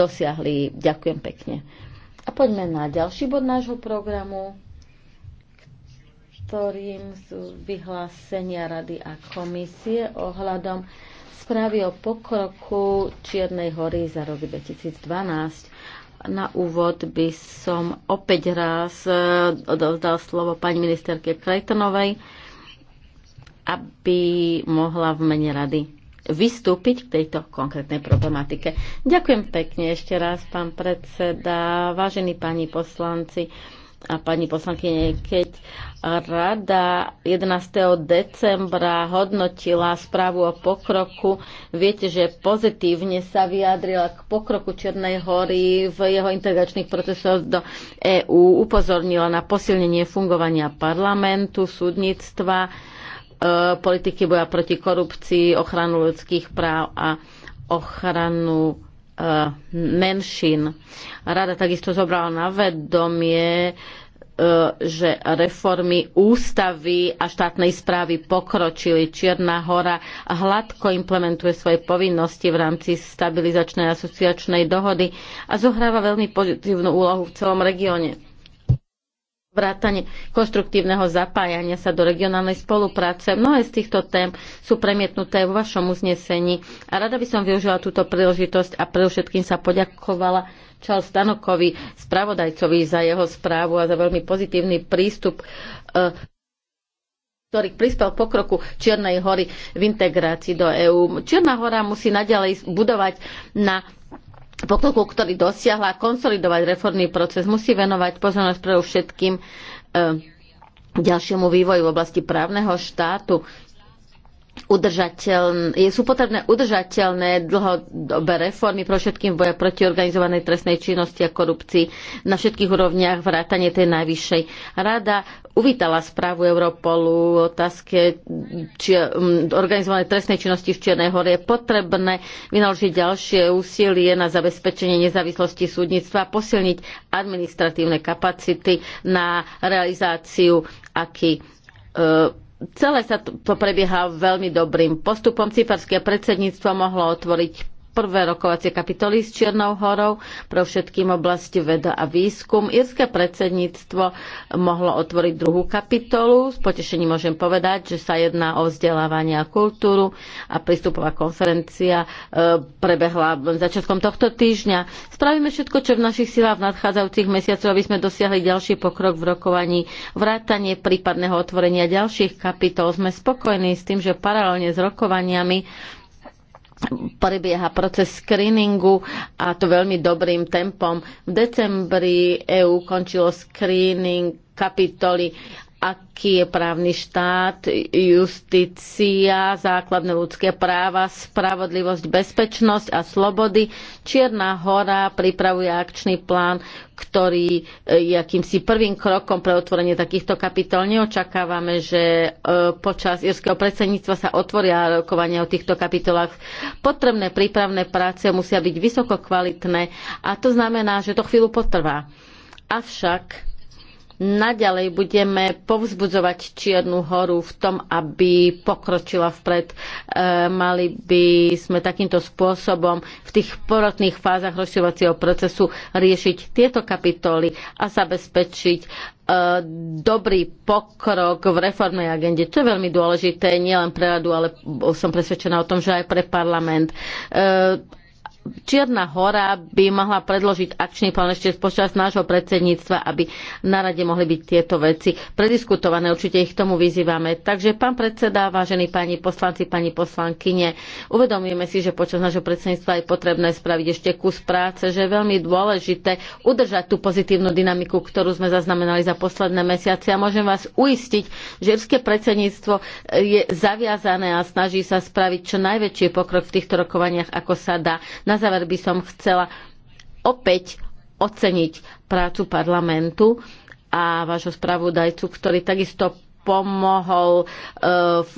dosiahli. Ďakujem pekne. A poďme na ďalší bod nášho programu, ktorým sú vyhlásenia Rady a komisie ohľadom správy o pokroku Čiernej hory za rok 2012. Na úvod by som opäť raz e, odovzdal slovo pani ministerke Krajtonovej, aby mohla v mene rady vystúpiť k tejto konkrétnej problematike. Ďakujem pekne ešte raz, pán predseda, vážení pani poslanci a pani poslankyne, keď rada 11. decembra hodnotila správu o pokroku, viete, že pozitívne sa vyjadrila k pokroku Černej hory v jeho integračných procesoch do EÚ, upozornila na posilnenie fungovania parlamentu, súdnictva, E, politiky boja proti korupcii, ochranu ľudských práv a ochranu e, menšín. Rada takisto zobrala na vedomie, e, že reformy ústavy a štátnej správy pokročili. Čierna hora hladko implementuje svoje povinnosti v rámci stabilizačnej asociačnej dohody a zohráva veľmi pozitívnu úlohu v celom regióne vrátanie konštruktívneho zapájania sa do regionálnej spolupráce. Mnohé z týchto tém sú premietnuté vo vašom uznesení a rada by som využila túto príležitosť a predovšetkým sa poďakovala Charles Stanokovi, spravodajcovi za jeho správu a za veľmi pozitívny prístup e, ktorý prispel pokroku Čiernej hory v integrácii do EÚ. Čierna hora musí naďalej budovať na pokroku, ktorý dosiahla, konsolidovať reformný proces, musí venovať pozornosť pre všetkým e, ďalšiemu vývoju v oblasti právneho štátu, udržateľné, sú potrebné udržateľné dlhodobé reformy pro všetkým boja proti organizovanej trestnej činnosti a korupcii na všetkých úrovniach vrátane tej najvyššej. Rada uvítala správu Europolu o otázke či, organizovanej trestnej činnosti v Čiernej hore. Je potrebné vynaložiť ďalšie úsilie na zabezpečenie nezávislosti súdnictva a posilniť administratívne kapacity na realizáciu aký e, celé sa to prebieha veľmi dobrým postupom. Cyperské predsedníctvo mohlo otvoriť prvé rokovacie kapitoly s Čiernou horou, pre všetkým oblasti veda a výskum. Irské predsedníctvo mohlo otvoriť druhú kapitolu. S potešením môžem povedať, že sa jedná o vzdelávanie a kultúru a prístupová konferencia e, prebehla začiatkom tohto týždňa. Spravíme všetko, čo v našich silách v nadchádzajúcich mesiacoch, aby sme dosiahli ďalší pokrok v rokovaní. Vrátanie prípadného otvorenia ďalších kapitol. Sme spokojní s tým, že paralelne s rokovaniami prebieha proces screeningu a to veľmi dobrým tempom. V decembri EÚ končilo screening kapitoly aký je právny štát, justícia, základné ľudské práva, spravodlivosť, bezpečnosť a slobody. Čierna hora pripravuje akčný plán, ktorý je akýmsi prvým krokom pre otvorenie takýchto kapitol. Neočakávame, že e, počas írskeho predsedníctva sa otvoria rokovania o týchto kapitolách. Potrebné prípravné práce musia byť vysoko kvalitné a to znamená, že to chvíľu potrvá. Avšak naďalej budeme povzbudzovať Čiernu horu v tom, aby pokročila vpred. E, mali by sme takýmto spôsobom v tých porotných fázach rozširovacieho procesu riešiť tieto kapitoly a zabezpečiť e, dobrý pokrok v reformnej agende, To je veľmi dôležité nielen pre radu, ale som presvedčená o tom, že aj pre parlament. E, Čierna hora by mohla predložiť akčný plán ešte počas nášho predsedníctva, aby na rade mohli byť tieto veci prediskutované. Určite ich k tomu vyzývame. Takže pán predseda, vážení pani poslanci, pani poslankyne, uvedomujeme si, že počas nášho predsedníctva je potrebné spraviť ešte kus práce, že je veľmi dôležité udržať tú pozitívnu dynamiku, ktorú sme zaznamenali za posledné mesiace. A môžem vás uistiť, že irské predsedníctvo je zaviazané a snaží sa spraviť čo najväčší pokrok v týchto rokovaniach, ako sa dá na záver by som chcela opäť oceniť prácu parlamentu a vášho spravodajcu, ktorý takisto pomohol e, v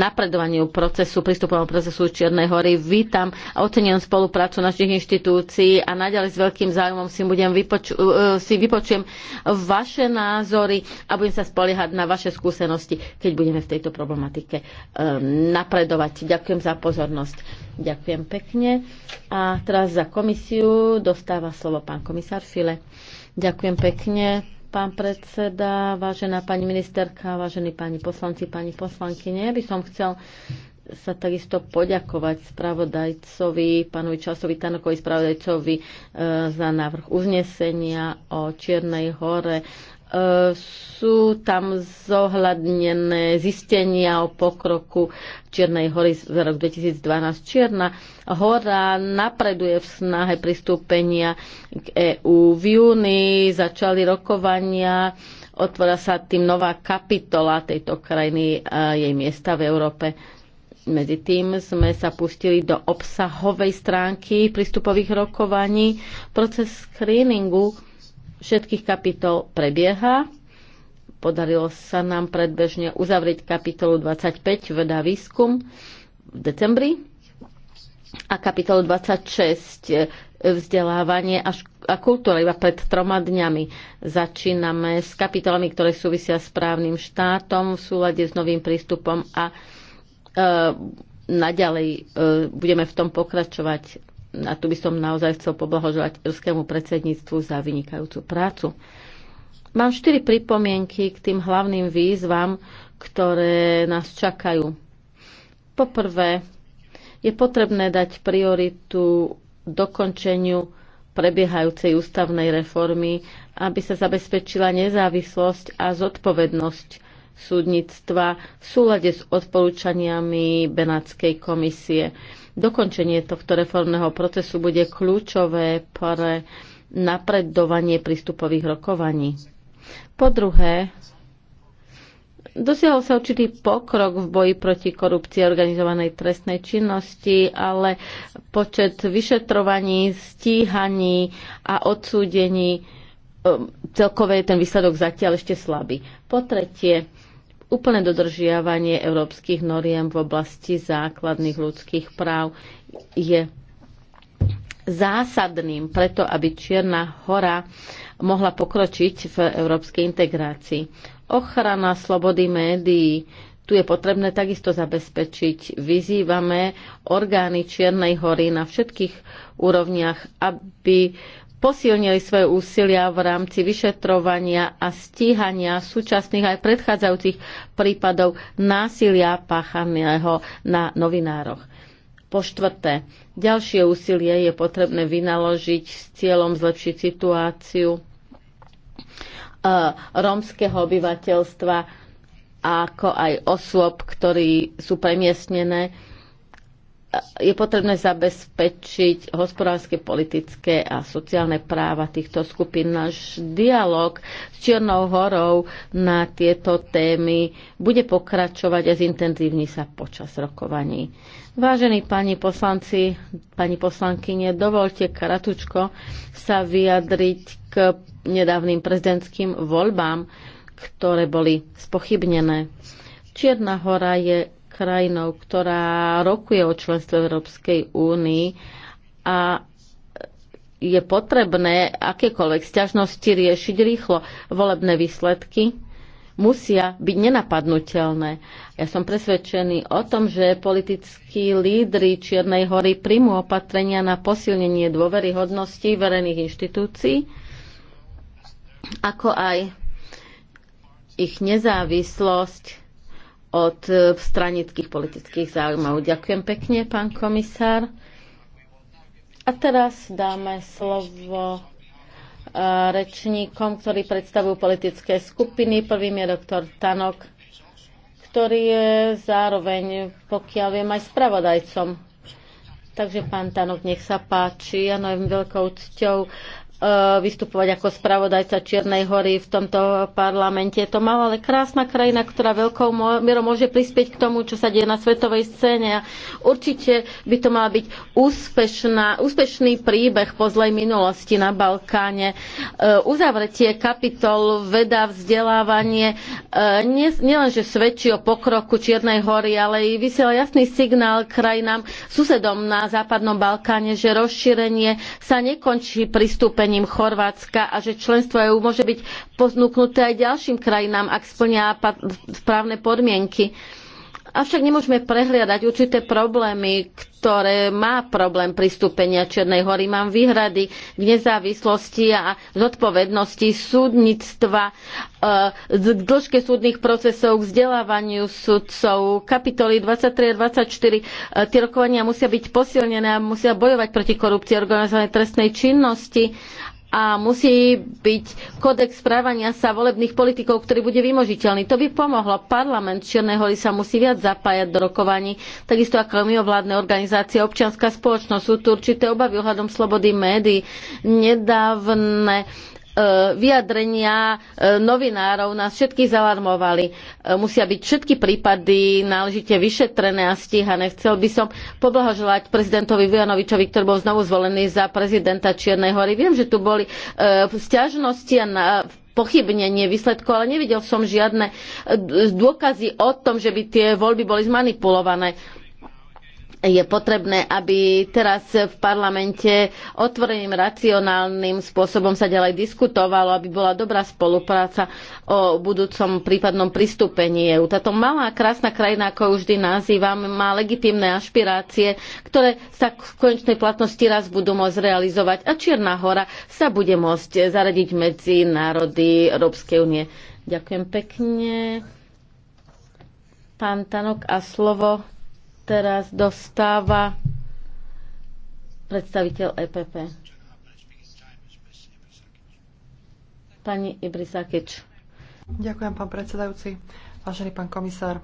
napredovaniu procesu, prístupovom procesu Čiernej hory. Vítam a ocením spoluprácu našich inštitúcií a naďalej s veľkým záujmom si, budem vypoču, e, si vypočujem vaše názory a budem sa spoliehať na vaše skúsenosti, keď budeme v tejto problematike e, napredovať. Ďakujem za pozornosť. Ďakujem pekne. A teraz za komisiu dostáva slovo pán komisár File. Ďakujem pekne pán predseda, vážená pani ministerka, vážení pani poslanci, pani poslankyne. Ja by som chcel sa takisto poďakovať spravodajcovi, pánovi Časovi Tanokovi, spravodajcovi e, za návrh uznesenia o Čiernej hore sú tam zohľadnené zistenia o pokroku Čiernej hory za rok 2012. Čierna hora napreduje v snahe pristúpenia k EÚ. V júni začali rokovania, otvára sa tým nová kapitola tejto krajiny a jej miesta v Európe. Medzi tým sme sa pustili do obsahovej stránky prístupových rokovaní. Proces screeningu všetkých kapitol prebieha. Podarilo sa nám predbežne uzavrieť kapitolu 25 veda výskum v decembri a kapitolu 26 e, vzdelávanie a kultúra iba pred troma dňami. Začíname s kapitolami, ktoré súvisia s právnym štátom v súlade s novým prístupom a e, naďalej e, budeme v tom pokračovať a tu by som naozaj chcel poblahožovať írskému predsedníctvu za vynikajúcu prácu. Mám štyri pripomienky k tým hlavným výzvam, ktoré nás čakajú. Poprvé, je potrebné dať prioritu dokončeniu prebiehajúcej ústavnej reformy, aby sa zabezpečila nezávislosť a zodpovednosť súdnictva v súlade s odporúčaniami Benátskej komisie. Dokončenie tohto reformného procesu bude kľúčové pre napredovanie prístupových rokovaní. Po druhé, dosiahol sa určitý pokrok v boji proti korupcii a organizovanej trestnej činnosti, ale počet vyšetrovaní, stíhaní a odsúdení um, celkové je ten výsledok zatiaľ ešte slabý. Po tretie, úplné dodržiavanie európskych noriem v oblasti základných ľudských práv je zásadným preto, aby Čierna hora mohla pokročiť v európskej integrácii. Ochrana slobody médií, tu je potrebné takisto zabezpečiť. Vyzývame orgány Čiernej hory na všetkých úrovniach, aby posilnili svoje úsilia v rámci vyšetrovania a stíhania súčasných aj predchádzajúcich prípadov násilia páchaného na novinároch. Po štvrté, ďalšie úsilie je potrebné vynaložiť s cieľom zlepšiť situáciu e, rómskeho obyvateľstva ako aj osôb, ktorí sú premiestnené je potrebné zabezpečiť hospodárske, politické a sociálne práva týchto skupín. Náš dialog s Čiernou horou na tieto témy bude pokračovať a zintenzívni sa počas rokovaní. Vážení pani poslanci, pani poslankyne, dovolte kratučko sa vyjadriť k nedávnym prezidentským voľbám, ktoré boli spochybnené. Čierna hora je krajinou, ktorá rokuje o členstve Európskej únii a je potrebné akékoľvek sťažnosti riešiť rýchlo. Volebné výsledky musia byť nenapadnutelné. Ja som presvedčený o tom, že politickí lídry Čiernej hory príjmu opatrenia na posilnenie dôveryhodnosti verejných inštitúcií, ako aj ich nezávislosť od e, stranických politických záujmov. Ďakujem pekne, pán komisár. A teraz dáme slovo e, rečníkom, ktorí predstavujú politické skupiny. Prvým je doktor Tanok, ktorý je zároveň, pokiaľ viem, aj spravodajcom Takže pán Tanok, nech sa páči. Áno, je veľkou cťou E, vystupovať ako spravodajca Čiernej hory v tomto parlamente. Je to malá, ale krásna krajina, ktorá veľkou mierou môže prispieť k tomu, čo sa deje na svetovej scéne. A určite by to mal byť úspešná, úspešný príbeh po zlej minulosti na Balkáne. E, uzavretie kapitol veda, vzdelávanie e, nielenže svedčí o pokroku Čiernej hory, ale i vysiela jasný signál krajinám susedom na Západnom Balkáne, že rozšírenie sa nekončí pristúpením pristúpením Chorvátska a že členstvo EÚ môže byť poznúknuté aj ďalším krajinám, ak splnia správne podmienky. Avšak nemôžeme prehliadať určité problémy, ktoré má problém pristúpenia Čiernej hory. Mám výhrady k nezávislosti a zodpovednosti súdnictva, eh, k dĺžke súdnych procesov, k vzdelávaniu sudcov. Kapitoly 23 a 24, eh, tie rokovania musia byť posilnené a musia bojovať proti korupcii organizovanej trestnej činnosti a musí byť kódex správania sa volebných politikov, ktorý bude vymožiteľný. To by pomohlo. Parlament Čiernej hory sa musí viac zapájať do rokovaní, takisto ako mimovládne organizácie, občianská spoločnosť. Sú tu určité obavy ohľadom slobody médií. Nedávne E, vyjadrenia e, novinárov nás všetkých zalarmovali. E, musia byť všetky prípady náležite vyšetrené a stíhané. Chcel by som poblahoželať prezidentovi Vujanovičovi, ktorý bol znovu zvolený za prezidenta Čiernej hory. Viem, že tu boli stiažnosti a na pochybnenie výsledkov, ale nevidel som žiadne dôkazy o tom, že by tie voľby boli zmanipulované je potrebné, aby teraz v parlamente otvoreným, racionálnym spôsobom sa ďalej diskutovalo, aby bola dobrá spolupráca o budúcom prípadnom pristúpení EU. Táto malá krásna krajina, ako ju vždy nazývam, má legitímne ašpirácie, ktoré sa v konečnej platnosti raz budú môcť realizovať a Čierna hora sa bude môcť zaradiť medzi národy Európskej únie. Ďakujem pekne. Pán Tanok a slovo teraz dostáva predstaviteľ EPP. Pani Ibrisakeč. Ďakujem, pán predsedajúci. Vážený pán komisár.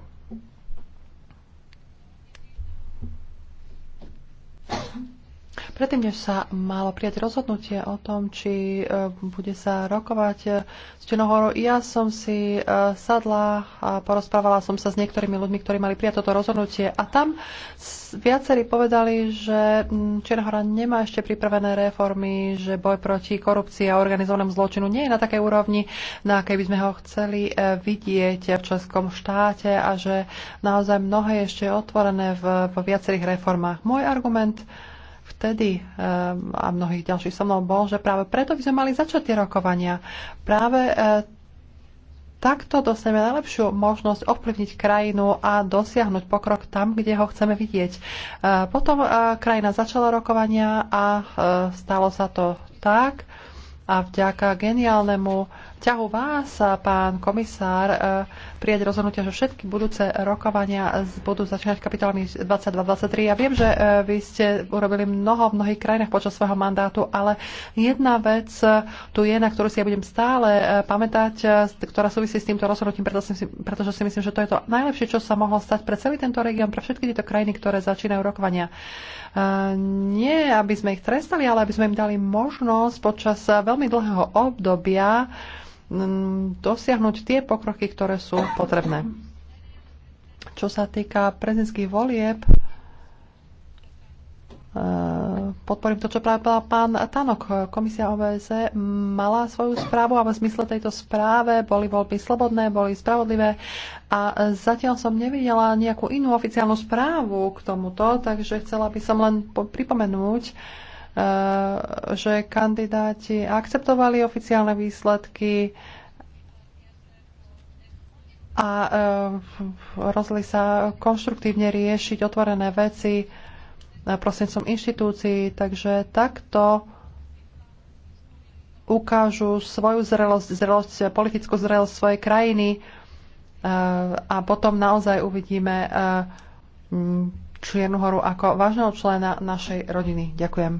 Predtým, než sa malo prijať rozhodnutie o tom, či e, bude sa rokovať e, s Čenohorou, ja som si e, sadla a porozprávala som sa s niektorými ľuďmi, ktorí mali prijať toto rozhodnutie. A tam viacerí povedali, že Čenohora nemá ešte pripravené reformy, že boj proti korupcii a organizovanému zločinu nie je na takej úrovni, na akej by sme ho chceli vidieť v členskom štáte a že naozaj mnohé je ešte otvorené v, v viacerých reformách. Môj argument vtedy eh, a mnohých ďalších so mnou bol, že práve preto by sme mali začať tie rokovania. Práve eh, takto dostaneme najlepšiu možnosť ovplyvniť krajinu a dosiahnuť pokrok tam, kde ho chceme vidieť. Eh, potom krajina začala rokovania a stalo sa to tak a vďaka geniálnemu ťahu vás, pán komisár, e, prijať rozhodnutia, že všetky budúce rokovania budú začínať kapitolami 22-23. Ja viem, že e, vy ste urobili mnoho v mnohých krajinách počas svojho mandátu, ale jedna vec e, tu je, na ktorú si ja budem stále pamätať, ktorá súvisí s týmto rozhodnutím, pretože si myslím, že to je to najlepšie, čo sa mohlo stať pre celý tento región, pre všetky tieto krajiny, ktoré začínajú rokovania. Nie, aby sme ich trestali, ale aby sme im dali možnosť počas veľmi dlhého obdobia dosiahnuť tie pokroky, ktoré sú potrebné. Čo sa týka prezidentských volieb, e, podporím to, čo práve povedal pán Tanok. Komisia OBS e mala svoju správu a v zmysle tejto správe boli voľby slobodné, boli spravodlivé a zatiaľ som nevidela nejakú inú oficiálnu správu k tomuto, takže chcela by som len pripomenúť, Eh, že kandidáti akceptovali oficiálne výsledky a eh, rozli sa konštruktívne riešiť otvorené veci prostredníctvom inštitúcií. Takže takto ukážu svoju zrelosť, zrelosť, politickú zrelosť svojej krajiny eh, a potom naozaj uvidíme Čiernu horu ako vážneho člena našej rodiny. Ďakujem.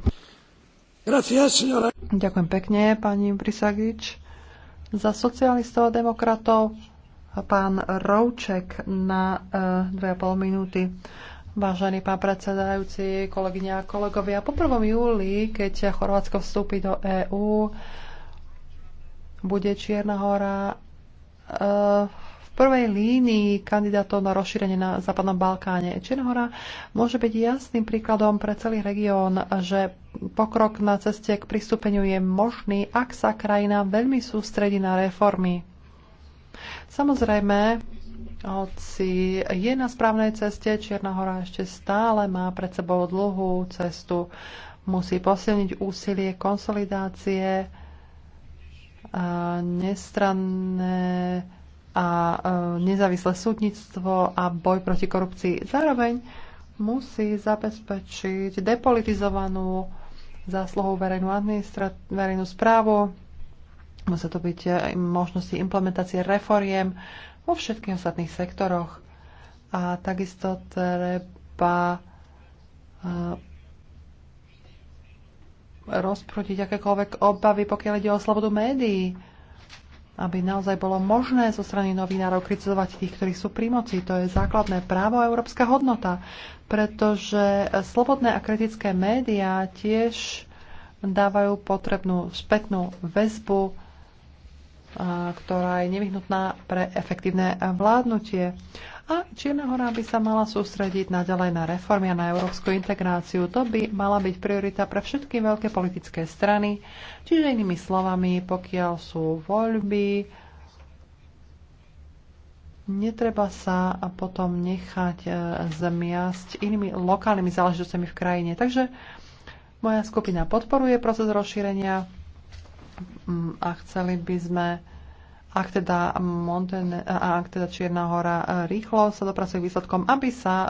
Gracias, Ďakujem pekne, pani Brisagič. Za socialistov a demokratov pán Rouček na eh, e, 2,5 minúty. Vážený pán predsedajúci, kolegyňa a kolegovia, po 1. júli, keď Chorvátsko vstúpi do EÚ, bude Čierna hora e, prvej línii kandidátov na rozšírenie na Západnom Balkáne. Čiernohora môže byť jasným príkladom pre celý región, že pokrok na ceste k pristúpeniu je možný, ak sa krajina veľmi sústredí na reformy. Samozrejme, hoci je na správnej ceste, Čierna hora ešte stále má pred sebou dlhú cestu. Musí posilniť úsilie konsolidácie, a nestranné a e, nezávislé súdnictvo a boj proti korupcii. Zároveň musí zabezpečiť depolitizovanú zásluhou verejnú, verejnú správu. Musia to byť e, možnosti implementácie reforiem vo všetkých ostatných sektoroch. A takisto treba e, rozprútiť akékoľvek obavy, pokiaľ ide o slobodu médií aby naozaj bolo možné zo strany novinárov kritizovať tých, ktorí sú pri moci. To je základné právo a európska hodnota, pretože slobodné a kritické médiá tiež dávajú potrebnú spätnú väzbu, ktorá je nevyhnutná pre efektívne vládnutie. A Čierna hora by sa mala sústrediť naďalej na reformy a na európsku integráciu. To by mala byť priorita pre všetky veľké politické strany. Čiže inými slovami, pokiaľ sú voľby, netreba sa potom nechať e, zmiasť inými lokálnymi záležitostiami v krajine. Takže moja skupina podporuje proces rozšírenia mm, a chceli by sme ak teda, Monten, ak teda Čierna hora e, rýchlo sa dopracuje výsledkom, aby sa e,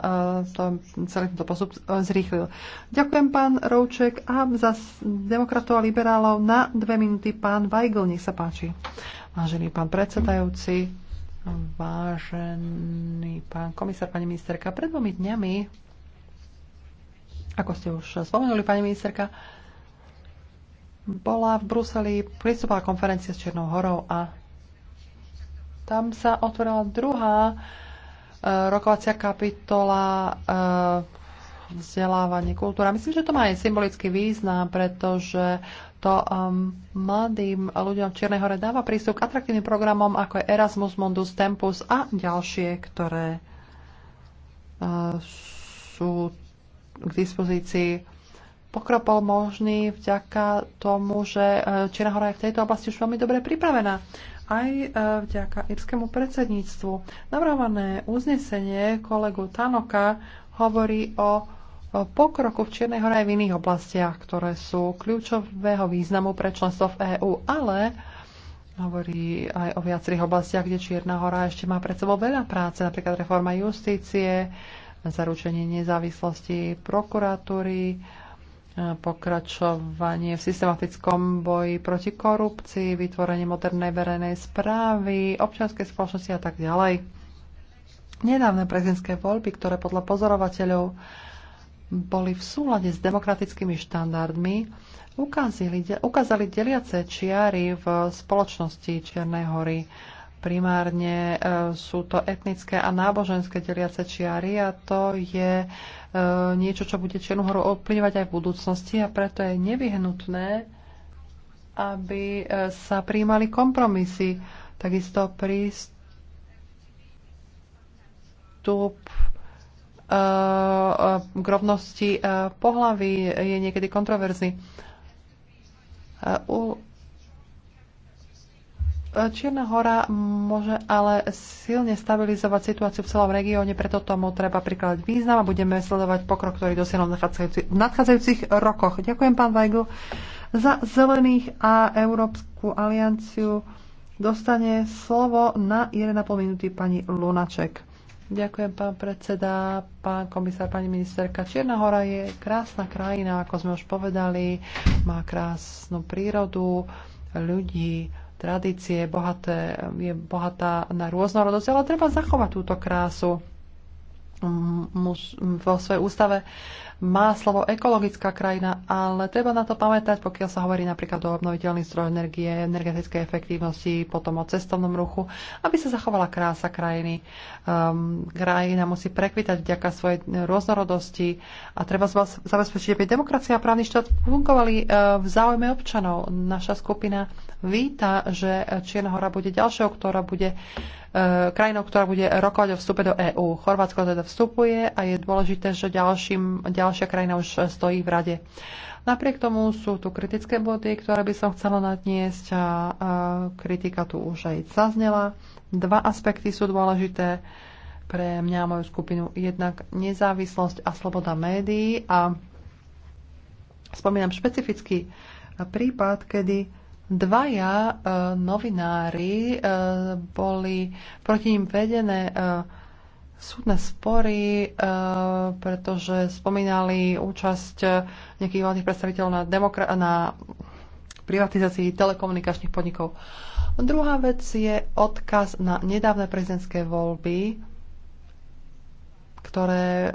to, celý tento postup e, zrýchlil. Ďakujem pán Rouček a za demokratov a liberálov na dve minúty pán Weigl, nech sa páči. Vážený pán predsedajúci, vážený pán komisár, pani ministerka, pred dvomi dňami, ako ste už spomenuli, pani ministerka, bola v Bruseli prístupová konferencia s Černou horou a tam sa otvorila druhá e, rokovacia kapitola e, vzdelávanie, kultúra. Myslím, že to má aj symbolický význam, pretože to um, mladým ľuďom v Čiernej hore dáva prístup k atraktívnym programom ako je Erasmus, Mundus, Tempus a ďalšie, ktoré uh, sú k dispozícii. Pokrok bol možný vďaka tomu, že e, Čierna hora je v tejto oblasti už veľmi dobre pripravená. Aj e, vďaka irskému predsedníctvu. Navrávané uznesenie kolegu Tanoka hovorí o pokroku v Čiernej hore aj v iných oblastiach, ktoré sú kľúčového významu pre členstvo v EÚ, ale hovorí aj o viacerých oblastiach, kde Čierna hora ešte má pred sebou veľa práce, napríklad reforma justície, zaručenie nezávislosti prokuratúry, pokračovanie v systematickom boji proti korupcii, vytvorenie modernej verejnej správy, občianskej spoločnosti a tak ďalej. Nedávne prezidentské voľby, ktoré podľa pozorovateľov boli v súlade s demokratickými štandardmi, ukázali, ukázali deliace čiary v spoločnosti Čiernej hory primárne e, sú to etnické a náboženské deliace čiary a to je e, niečo, čo bude Čiernu horu ovplyvňovať aj v budúcnosti a preto je nevyhnutné, aby e, sa príjmali kompromisy. Takisto prístup k rovnosti pohlaví je niekedy kontroverzný. Čierna hora môže ale silne stabilizovať situáciu v celom regióne, preto tomu treba prikladať význam a budeme sledovať pokrok, ktorý dosiahol v nadchádzajúcich, rokoch. Ďakujem, pán Weigl. Za zelených a Európsku alianciu dostane slovo na 1,5 minúty pani Lunaček. Ďakujem, pán predseda, pán komisár, pani ministerka. Čierna hora je krásna krajina, ako sme už povedali, má krásnu prírodu, ľudí, tradície, bohaté, je bohatá na rôznorodosť, ale treba zachovať túto krásu. Mm, mm, vo svojej ústave má slovo ekologická krajina, ale treba na to pamätať, pokiaľ sa hovorí napríklad o obnoviteľných zdrojoch energie, energetickej efektívnosti, potom o cestovnom ruchu, aby sa zachovala krása krajiny. Um, krajina musí prekvitať vďaka svojej rôznorodosti a treba zabezpečiť, aby demokracia a právny štát fungovali uh, v záujme občanov. Naša skupina víta, že Čierna hora bude ďalšou, ktorá bude E, krajinou, ktorá bude rokovať o vstupe do EÚ. Chorvátsko teda vstupuje a je dôležité, že ďalším, ďalšia krajina už stojí v rade. Napriek tomu sú tu kritické body, ktoré by som chcela nadniesť a, kritika tu už aj zaznela. Dva aspekty sú dôležité pre mňa a moju skupinu. Jednak nezávislosť a sloboda médií a spomínam špecificky prípad, kedy Dvaja e, novinári e, boli proti ním vedené e, súdne spory, pretože spomínali účasť nejakých vládnych predstaviteľov na, demokra- na privatizácii telekomunikačných podnikov. Druhá vec je odkaz na nedávne prezidentské voľby, ktoré eh,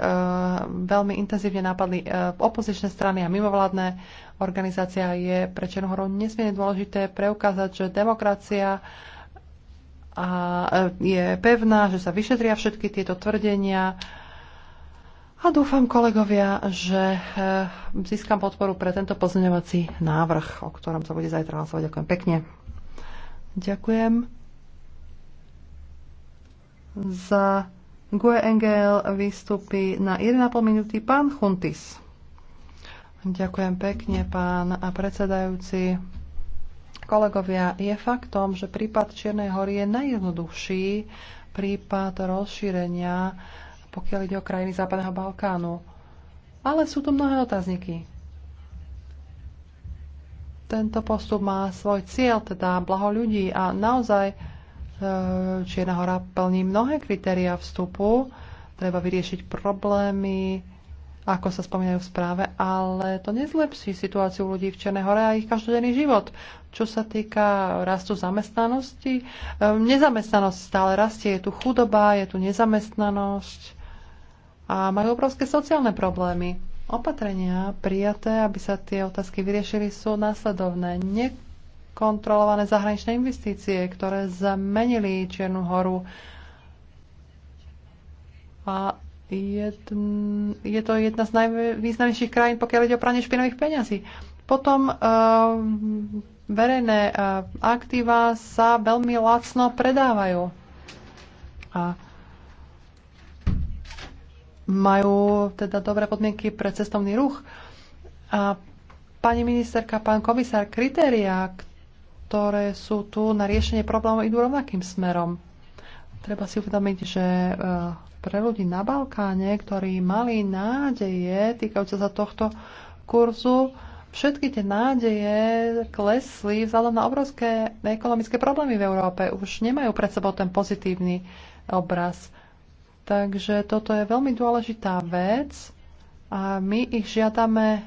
veľmi intenzívne napadli eh, opozičné strany a mimovládne organizácia je pre Černohorov nesmierne dôležité preukázať, že demokracia a eh, je pevná, že sa vyšetria všetky tieto tvrdenia. A dúfam, kolegovia, že získam podporu pre tento pozmeňovací návrh, o ktorom sa bude zajtra hlasovať. Ďakujem pekne. Ďakujem za GUE engel vystupí na 1,5 minúty pán Chuntis. Ďakujem pekne, pán a predsedajúci. Kolegovia, je faktom, že prípad Čiernej hory je najjednoduchší prípad rozšírenia, pokiaľ ide o krajiny Západného Balkánu. Ale sú tu mnohé otázniky tento postup má svoj cieľ, teda blaho ľudí a naozaj Eh, Čierna hora plní mnohé kritéria vstupu, treba vyriešiť problémy, ako sa spomínajú v správe, ale to nezlepší situáciu ľudí v Čiernej hore a ich každodenný život. Čo sa týka rastu zamestnanosti, eh, nezamestnanosť stále rastie, je tu chudoba, je tu nezamestnanosť a majú obrovské sociálne problémy. Opatrenia prijaté, aby sa tie otázky vyriešili, sú následovné. Nie kontrolované zahraničné investície, ktoré zmenili Čiernu horu. A jedn, je to jedna z najvýznamnejších krajín, pokiaľ ide o pranie špinových peňazí. Potom uh, verejné uh, aktíva sa veľmi lacno predávajú. A majú teda dobré podmienky pre cestovný ruch. A pani ministerka, pán komisár, kritériá, ktoré sú tu na riešenie problémov, idú rovnakým smerom. Treba si uvedomiť, že e, pre ľudí na Balkáne, ktorí mali nádeje týkajúce sa tohto kurzu, všetky tie nádeje klesli vzhľadom na obrovské ekonomické problémy v Európe. Už nemajú pred sebou ten pozitívny obraz. Takže toto je veľmi dôležitá vec a my ich žiadame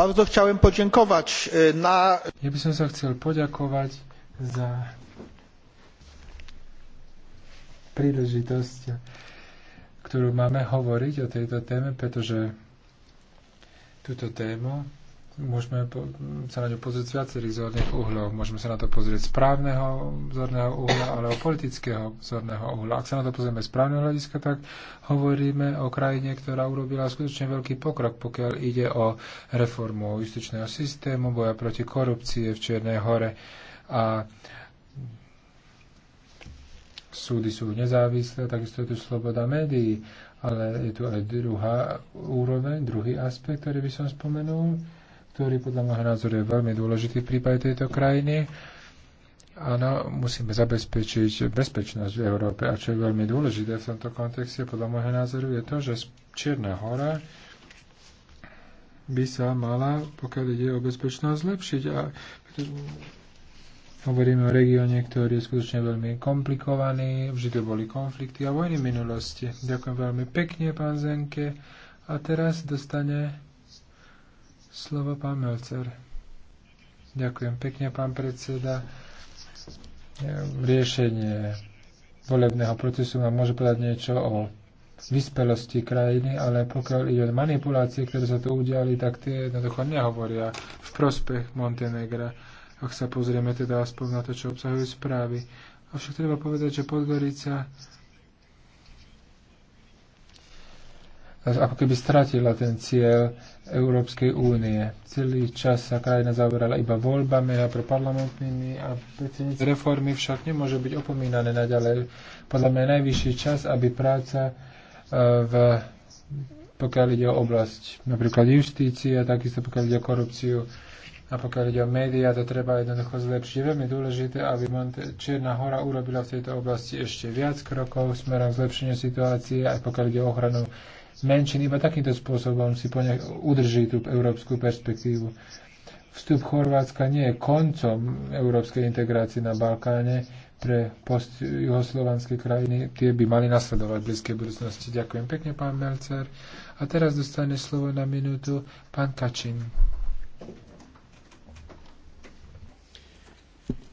Bardzo chciałem podziękować e, na... Ja by som sa chcel poďakovať za príležitosť, ktorú máme hovoriť o tejto téme, pretože túto tému môžeme sa na ňu pozrieť z viacerých zorných uhlov. Môžeme sa na to pozrieť z právneho zorného uhla alebo politického zorného uhla. Ak sa na to pozrieme z právneho hľadiska, tak hovoríme o krajine, ktorá urobila skutočne veľký pokrok, pokiaľ ide o reformu justičného systému, boja proti korupcie v Čiernej hore a súdy sú nezávislé, takisto je tu sloboda médií, ale je tu aj druhá úroveň, druhý aspekt, ktorý by som spomenul ktorý podľa môjho názoru je veľmi dôležitý v prípade tejto krajiny. Áno, musíme zabezpečiť bezpečnosť v Európe. A čo je veľmi dôležité v tomto kontexte, podľa môjho názoru, je to, že Čierna hora by sa mala, pokiaľ ide o bezpečnosť, zlepšiť. A hovoríme o regióne, ktorý je skutočne veľmi komplikovaný, vždy to boli konflikty a vojny v minulosti. Ďakujem veľmi pekne, pán Zenke. A teraz dostane Slovo pán Melcer. Ďakujem pekne, pán predseda. Riešenie volebného procesu nám môže povedať niečo o vyspelosti krajiny, ale pokiaľ ide o manipulácie, ktoré sa tu udiali, tak tie jednoducho nehovoria v prospech Montenegra, ak sa pozrieme teda aspoň na to, čo obsahujú správy. Avšak treba povedať, že Podgorica ako keby stratila ten cieľ Európskej únie. Celý čas sa krajina zaoberala iba voľbami a pre parlamentnými a predsedníctve reformy však nemôže byť opomínané naďalej. Podľa mňa je najvyšší čas, aby práca e, v, pokiaľ ide o oblasť napríklad justície a takisto pokiaľ ide o korupciu a pokiaľ ide o médiá, to treba jednoducho zlepšiť. Je veľmi dôležité, aby Monte Čierna hora urobila v tejto oblasti ešte viac krokov smerom k zlepšeniu situácie, aj pokiaľ ide o ochranu zmenšený, Iba takýmto spôsobom si poňa, udrží tú európsku perspektívu. Vstup Chorvátska nie je koncom európskej integrácie na Balkáne pre post-juhoslovanské krajiny. Tie by mali nasledovať v blízkej budúcnosti. Ďakujem pekne, pán Melcer. A teraz dostane slovo na minútu pán Kačin.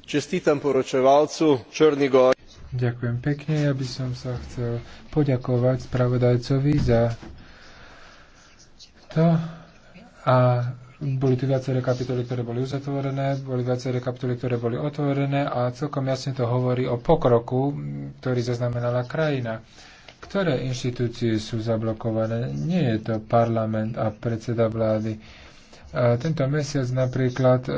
Čestitam poročevalcu Črnigor. Ďakujem pekne. Ja by som sa chcel poďakovať spravodajcovi za to. A boli tu viaceré kapitoly, ktoré boli uzatvorené, boli viaceré kapitoly, ktoré boli otvorené a celkom jasne to hovorí o pokroku, ktorý zaznamenala krajina. Ktoré inštitúcie sú zablokované? Nie je to parlament a predseda vlády. Tento mesiac napríklad e,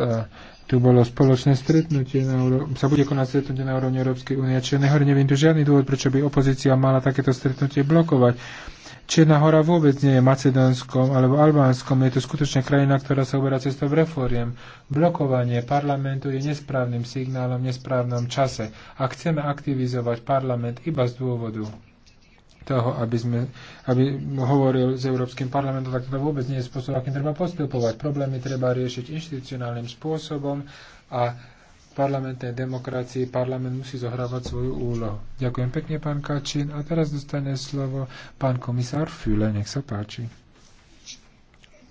tu bolo spoločné stretnutie, na, sa bude konať stretnutie na úrovni Európskej únie. Čiže hora neviem tu žiadny dôvod, prečo by opozícia mala takéto stretnutie blokovať. Čierna hora vôbec nie je Macedónskom alebo Albánskom, je to skutočne krajina, ktorá sa uberá cestou reforiem. Blokovanie parlamentu je nesprávnym signálom v nesprávnom čase a chceme aktivizovať parlament iba z dôvodu toho, aby, sme, aby hovoril s Európskym parlamentom, tak to vôbec nie je spôsob, akým treba postupovať. Problémy treba riešiť inštitucionálnym spôsobom a v parlamentnej demokracii parlament musí zohrávať svoju úlohu. Ďakujem pekne, pán Kačín. A teraz dostane slovo pán komisár Füle. Nech sa páči.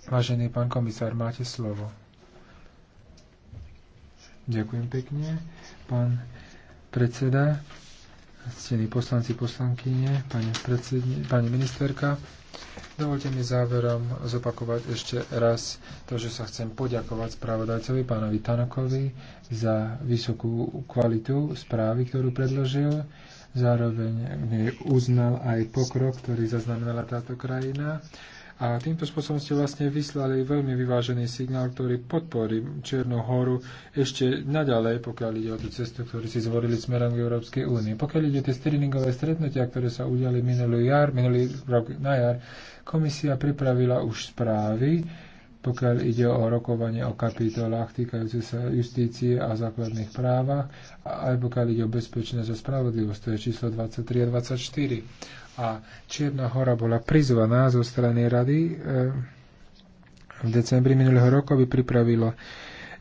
Vážený pán komisár, máte slovo. Ďakujem pekne, pán predseda. Cení poslanci, poslankyne, pani, pani ministerka. Dovolte mi záverom zopakovať ešte raz to, že sa chcem poďakovať spravodajcovi pánovi Tanakovi za vysokú kvalitu správy, ktorú predložil. Zároveň uznal aj pokrok, ktorý zaznamenala táto krajina a týmto spôsobom ste vlastne vyslali veľmi vyvážený signál, ktorý podporí Čiernu horu ešte naďalej, pokiaľ ide o tú cestu, ktorú si zvolili smerom k Európskej únii. Pokiaľ ide o tie streamingové stretnutia, ktoré sa udiali minulý jar, minulý rok na jar, komisia pripravila už správy, pokiaľ ide o rokovanie o kapitolách týkajúce sa justície a základných právach, a aj pokiaľ ide o bezpečnosť a spravodlivosť, to je číslo 23 a 24. A Čierna hora bola prizvaná zo strany rady eh, v decembri minulého roku, aby pripravila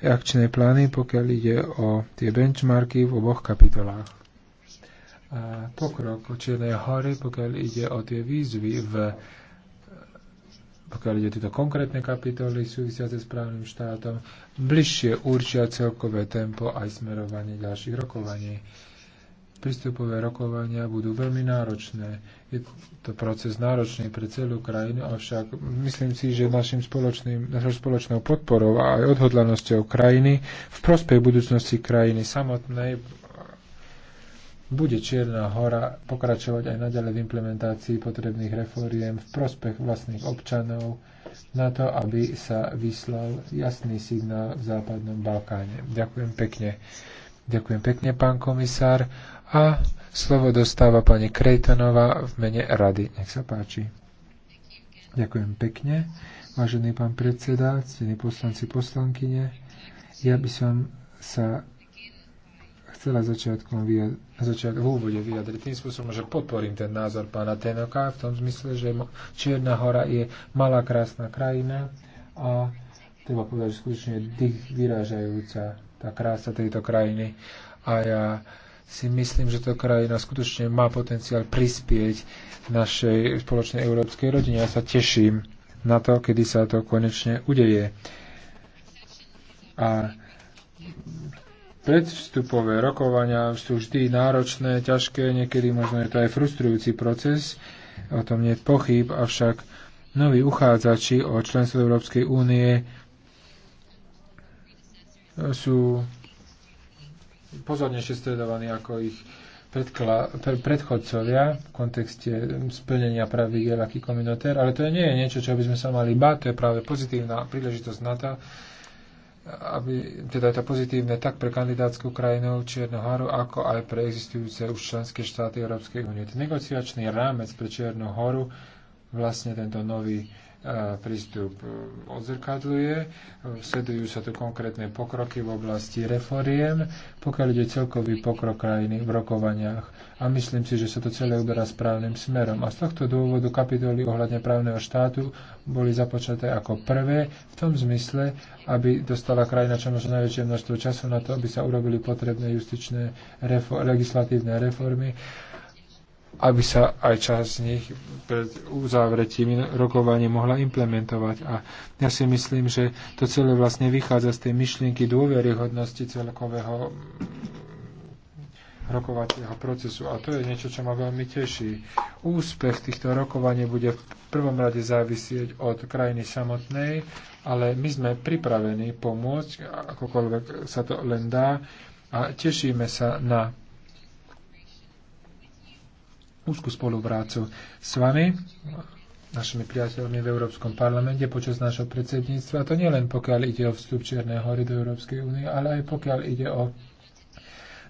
akčné plány, pokiaľ ide o tie benchmarky v oboch kapitolách. A pokrok Čiernej hory, pokiaľ ide o tie výzvy v pokiaľ ide tieto konkrétne kapitoly súvisiace s právnym štátom, bližšie určia celkové tempo aj smerovanie ďalších rokovaní. Prístupové rokovania budú veľmi náročné. Je to proces náročný pre celú krajinu, avšak myslím si, že našim spoločným, našou spoločnou podporou a aj odhodlanosťou krajiny v prospech budúcnosti krajiny samotnej bude Čierna hora pokračovať aj naďalej v implementácii potrebných reforiem v prospech vlastných občanov na to, aby sa vyslal jasný signál v západnom Balkáne. Ďakujem pekne. Ďakujem pekne, pán komisár. A slovo dostáva pani Krejtanová v mene rady. Nech sa páči. Ďakujem pekne. Vážený pán predseda, ctení poslanci, poslankyne, ja by som sa chcela začiatkom vyjad- začiat- v úvode vyjadriť tým spôsobom, že podporím ten názor pána Tenoka v tom zmysle, že Čierna hora je malá krásna krajina a treba povedať, že skutočne dých vyrážajúca tá krása tejto krajiny a ja si myslím, že to krajina skutočne má potenciál prispieť našej spoločnej európskej rodine. Ja sa teším na to, kedy sa to konečne udeje. A Predvstupové rokovania sú vždy náročné, ťažké, niekedy možno je to aj frustrujúci proces, o tom nie je pochyb, avšak noví uchádzači o členstvo Európskej únie sú pozornejšie stredovaní ako ich predchodcovia v kontexte splnenia pravidiel aký komunitér, ale to nie je niečo, čo by sme sa mali báť, to je práve pozitívna príležitosť na to, aby teda je to pozitívne tak pre kandidátsku krajinu Čiernu horu, ako aj pre existujúce už členské štáty Európskej únie. Ten negociačný rámec pre Čiernu horu, vlastne tento nový prístup e, odzrkadluje. Sledujú sa tu konkrétne pokroky v oblasti reforiem, pokiaľ ide celkový pokrok krajiny v rokovaniach. A myslím si, že sa to celé uberá správnym smerom. A z tohto dôvodu kapitoly ohľadne právneho štátu boli započaté ako prvé v tom zmysle, aby dostala krajina čo možno najväčšie množstvo času na to, aby sa urobili potrebné justičné refor legislatívne reformy aby sa aj časť z nich pred uzavretím rokovania mohla implementovať. A ja si myslím, že to celé vlastne vychádza z tej myšlienky dôveryhodnosti celkového rokovacieho procesu. A to je niečo, čo ma veľmi teší. Úspech týchto rokovaní bude v prvom rade závisieť od krajiny samotnej, ale my sme pripravení pomôcť, akokoľvek sa to len dá, a tešíme sa na úzkú spoluprácu s vami, našimi priateľmi v Európskom parlamente počas nášho predsedníctva. To nie len pokiaľ ide o vstup Čiernej hory do Európskej únie, ale aj pokiaľ ide o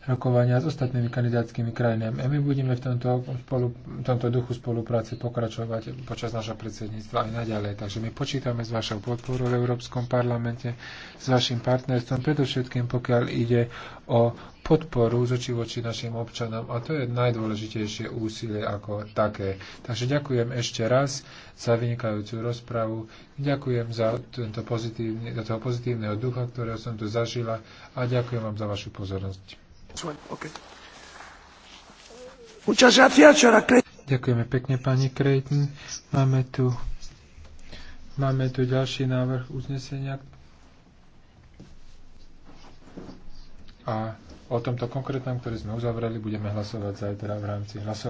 rokovania s ostatnými kandidátskymi krajinami. A my budeme v tomto, spolu, v tomto duchu spolupráce pokračovať počas našho predsedníctva aj naďalej. Takže my počítame s vašou podporou v Európskom parlamente, s vašim partnerstvom, predovšetkým pokiaľ ide o podporu zoči voči našim občanom a to je najdôležitejšie úsilie ako také. Takže ďakujem ešte raz za vynikajúcu rozpravu, ďakujem za, tento pozitívne, za toho pozitívneho ducha, ktorého som tu zažila a ďakujem vám za vašu pozornosť. Ďakujeme pekne, pani Krejtn. Máme tu, máme tu ďalší návrh uznesenia. A O tomto konkrétnom, ktorý sme uzavreli, budeme hlasovať zajtra v rámci hlasovania.